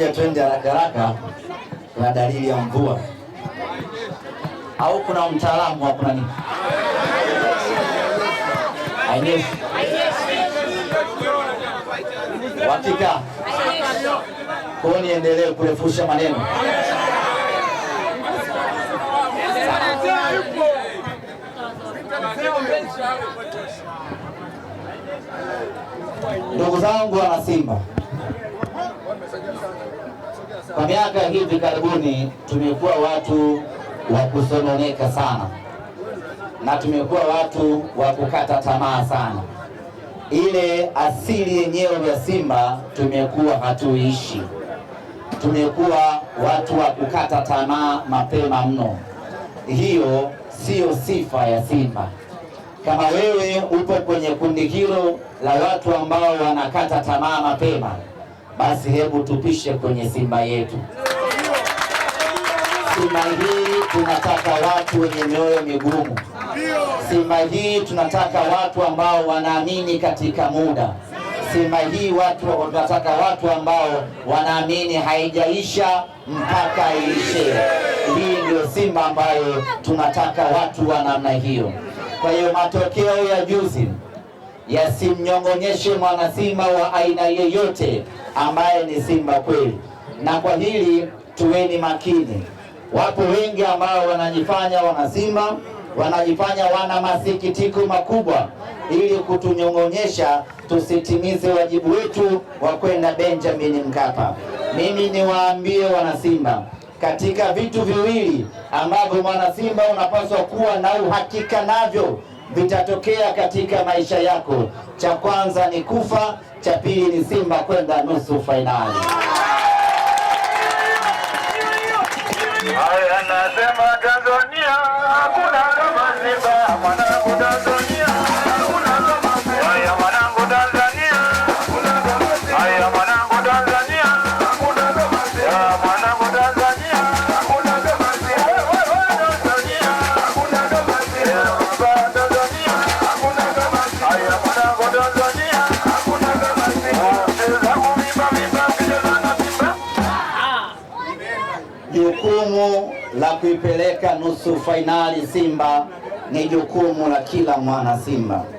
ngoja twende haraka haraka na dalili ya mvua, au kuna mtaalamu hapo? Nani wakika kwa niendelee kurefusha maneno ndugu zangu wana Simba. Kwa miaka hivi karibuni tumekuwa watu wa kusononeka sana na tumekuwa watu wa kukata tamaa sana. Ile asili yenyewe ya Simba tumekuwa hatuishi, tumekuwa watu wa kukata tamaa mapema mno. Hiyo siyo sifa ya Simba. Kama wewe upo kwenye kundi hilo la watu ambao wanakata tamaa mapema basi hebu tupishe kwenye Simba yetu. Simba hii tunataka watu wenye mioyo migumu. Simba hii tunataka watu ambao wanaamini katika muda. Simba hii watu tunataka watu ambao wanaamini haijaisha mpaka iishe. Hii ndio Simba ambayo tunataka watu wa namna hiyo. Kwa hiyo matokeo ya juzi yasimnyong'onyeshe mwana simba wa aina yeyote ambaye ni simba kweli, na kwa hili tuweni makini. Wapo wengi ambao wanajifanya wana simba, wanajifanya wana masikitiko makubwa ili kutunyong'onyesha tusitimize wajibu wetu wa kwenda Benjamin Mkapa. Mimi niwaambie wana simba, katika vitu viwili ambavyo mwana simba unapaswa kuwa na uhakika navyo vitatokea katika maisha yako. Cha kwanza ni kufa, cha pili ni Simba kwenda nusu fainali. Haya, Tanzania hakuna kama Simba mwana Jukumu la kuipeleka nusu fainali Simba ni jukumu la kila mwana Simba.